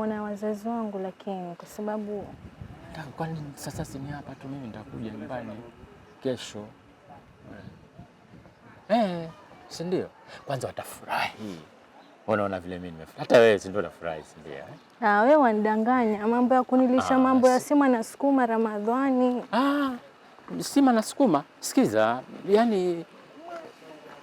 kuona wazazi wangu, lakini kwa sababu kwani sasa sini hapa tu, mimi nitakuja nyumbani kesho eh. eh, si ndio? Kwanza watafurahi Unaona vile mimi nimefurahi. Hata wewe si ndio unafurahi, si ndio? Eh? Ah, wewe wanidanganya mambo ya kunilisha ah, mambo ya sima na sukuma Ramadhani. Ah, sima na sukuma. Sikiza, yani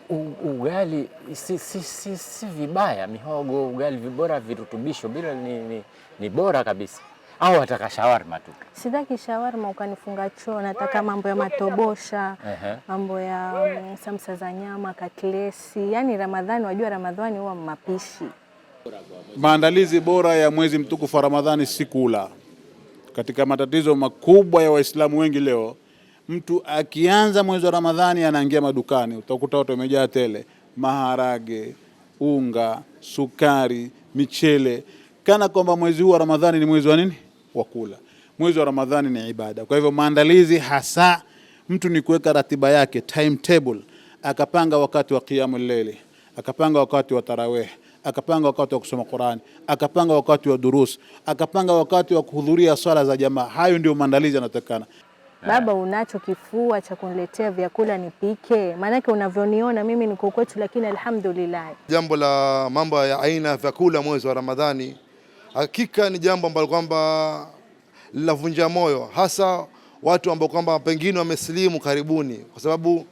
ugali si, si, si, si vibaya. Mihogo, ugali vibora, virutubisho bila ni, ni, ni bora kabisa. Au wataka shawarma tu? Sitaki shawarma ukanifunga choo, nataka mambo ya matobosha uh -huh. mambo ya um, samsa za nyama, katlesi. yani Ramadhani, wajua Ramadhani huwa mapishi. Maandalizi bora ya mwezi mtukufu wa Ramadhani si kula. Katika matatizo makubwa ya Waislamu wengi leo mtu akianza mwezi wa Ramadhani anaingia madukani, utakuta watu wamejaa tele, maharage, unga, sukari, michele, kana kwamba mwezi huu wa Ramadhani ni mwezi wa nini? Wa kula. Mwezi wa Ramadhani ni ibada. Kwa hivyo maandalizi hasa mtu ni kuweka ratiba yake timetable, akapanga wakati wa kiamu leli, akapanga wakati wa tarawih, akapanga wakati wa kusoma Qurani, akapanga wakati wa durus, akapanga wakati wa kuhudhuria swala za jamaa. Hayo ndio maandalizi yanatakana. Eh. baba, unacho kifua cha kuniletea vyakula nipike? Maanake unavyoniona mimi niko kwetu, lakini alhamdulillah. Jambo la mambo ya aina ya vyakula mwezi wa Ramadhani hakika ni jambo ambalo kwamba linavunja moyo, hasa watu ambao kwamba pengine wamesilimu karibuni, kwa sababu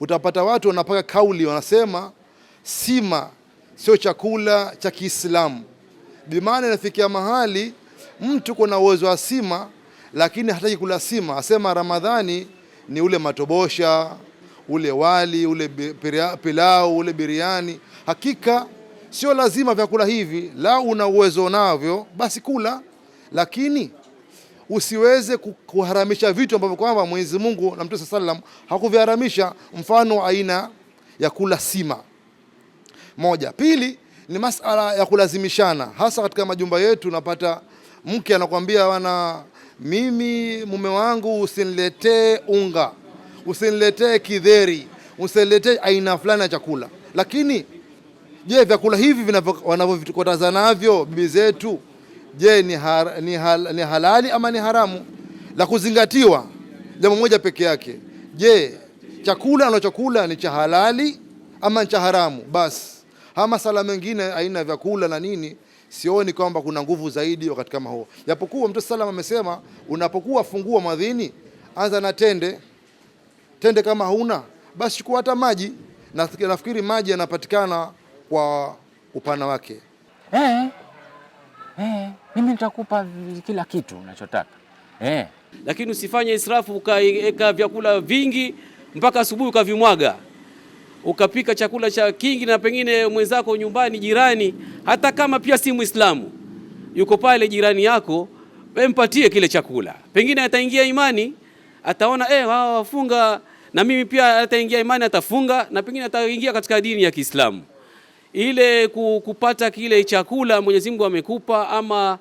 utapata watu wanapaka kauli, wanasema sima sio chakula cha Kiislamu. Bimaana inafikia mahali mtu kuna uwezo wa sima lakini hataki kula sima asema Ramadhani ni ule matobosha, ule wali, ule pilau, ule biriani. Hakika sio lazima vyakula hivi, la una uwezo navyo basi kula, lakini usiweze kuharamisha vitu ambavyo kwamba Mwenyezi Mungu na Mtume sallam hakuviharamisha, mfano aina ya kula sima. Moja. Pili ni masala ya kulazimishana, hasa katika majumba yetu. Unapata mke anakuambia wana mimi mume wangu, usiniletee unga, usiniletee kidheri, usiniletee aina fulani ya chakula. Lakini je, vyakula hivi wanavyokataza navyo bibi zetu, je, ni, har, ni, hal, ni halali ama ni haramu? La kuzingatiwa jambo moja peke yake, je, chakula anachokula ni cha halali ama ni cha haramu? Basi ha masala mengine, aina ya vyakula na nini sioni kwamba kuna nguvu zaidi wakati kama huo, japokuwa Mtume sallam amesema unapokuwa fungua mwadhini, anza na tende tende, kama huna basi chukua hata maji. Nafikiri maji yanapatikana kwa upana wake. Eh, eh, eh, mimi nitakupa kila kitu unachotaka eh. Lakini usifanye israfu, ukaweka vyakula vingi mpaka asubuhi ukavimwaga ukapika chakula cha kingi na pengine mwenzako nyumbani, jirani, hata kama pia si Muislamu, yuko pale jirani yako, empatie kile chakula, pengine ataingia imani, ataona eh, wao wafunga na mimi pia ataingia imani, atafunga na pengine ataingia katika dini ya Kiislamu. Ile kupata kile chakula Mwenyezi Mungu amekupa, ama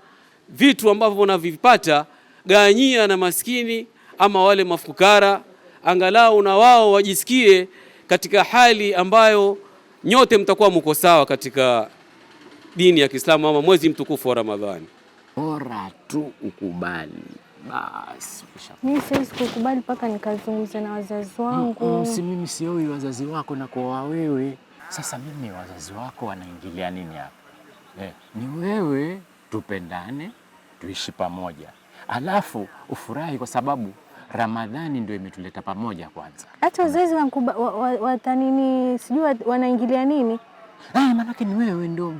vitu ambavyo unavipata, gawanyia na maskini ama wale mafukara, angalau na wao wajisikie katika hali ambayo nyote mtakuwa mko sawa katika dini ya Kiislamu ama mwezi mtukufu wa Ramadhani. Bora tu ukubali basi. Mimi siwezi kukubali mpaka nikazungumze na wazazi wangu. Mm, mm, si mimi sioi wazazi wako na kwa wewe. Sasa mimi wazazi wako wanaingilia nini hapa? Eh, ni wewe, tupendane tuishi pamoja, alafu ufurahi kwa sababu Ramadhani ndio imetuleta pamoja kwanza. Hata wazazi watanini wa, wa, sijui wanaingilia nini ah, maanake ni wewe ndio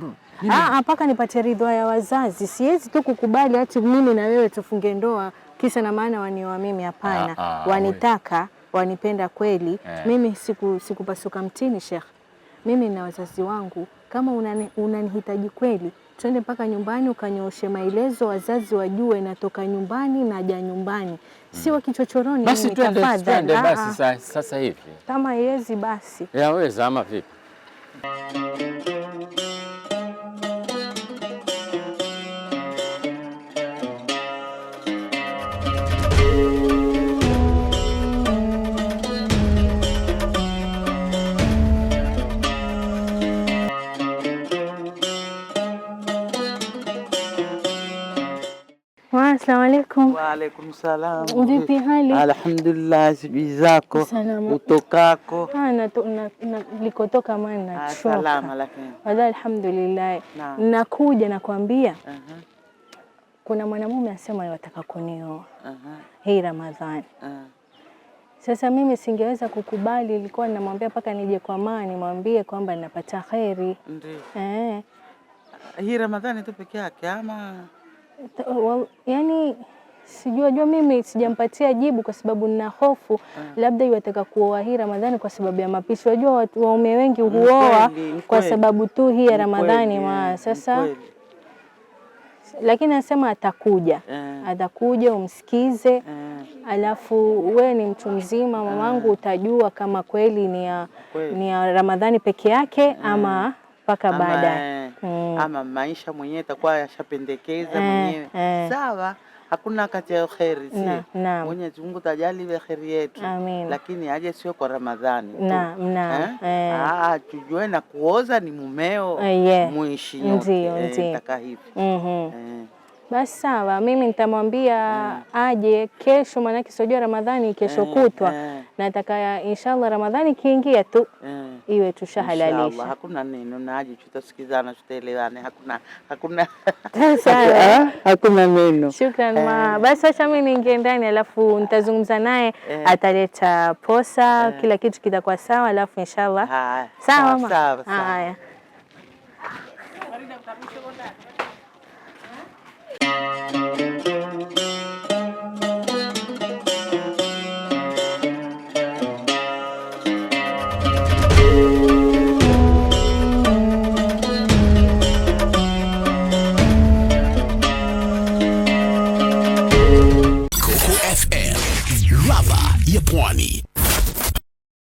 ah, ah, mpaka nipate ridhaa ya wazazi. Siwezi tu kukubali hati mimi na wewe tufunge ndoa kisa na maana wanioa mimi. Hapana, wanitaka wanipenda kweli eh. Mimi siku sikupasuka mtini Sheikh, mimi na wazazi wangu. Kama unani, unanihitaji kweli, twende mpaka nyumbani ukanyooshe maelezo, wazazi wajue natoka nyumbani naja nyumbani. Mm. wa kichochoroni. Basi twende basi sasa hivi, kama yezi basi yaweza ama vipi? alaikum. Wa alaikum salam. Vipi hali? Alhamdulillah, sijui zako Salamu. Utokako? Nilikotoka maana ah, nachoka. Salama lakini. Wala alhamdulillah. Nakuja nakwambia. Kuna mwanamume anasema anataka kunioa uh hii Ramadhani ah. Sasa mimi singeweza kukubali, ilikuwa namwambia mpaka nije kwa maa nimwambie kwamba napata kheri. Eh. Hii Ramadhani tu peke yake ama yani sijui wajua, mimi sijampatia jibu kwa sababu nina hofu ah. labda iwataka kuoa hii Ramadhani kwa sababu ya mapishi. Wajua watu waume wengi huoa kwa sababu tu hii ya Ramadhani ma sasa Lakini anasema atakuja yeah. Atakuja umsikize yeah. Alafu we ni mtu mzima mamangu, ah. utajua kama kweli ni ya, ni ya Ramadhani peke yake yeah. ama mpaka baadaye ama, eh. mm. ama maisha mwenyewe atakuwa yashapendekeza eh. mwenyewe yeah. sawa Hakuna kati ya kheri, si Mwenyezi Mungu tajaliwe kheri yetu, lakini aje sio kwa Ramadhani eh? Eh. Ah, tujue eh? na kuoza ni mumeo, eh, muishi nyote, ndio ndio, taka hivi mhm. Basi sawa, mimi nitamwambia mm. aje kesho, maanake sijua Ramadhani kesho mm, kutwa mm. nataka inshallah Ramadhani kiingia tu mm. iwe tushahalalisha. Hakuna neno na aje, tutasikizana tutaelewana, hakuna hakuna sawa, eh, hakuna neno. Shukrani ma, eh. basi acha mimi niingie ndani, alafu nitazungumza naye mm. ataleta posa mm. kila kitu kitakuwa sawa, alafu inshallah sawa. Haya. Thank you.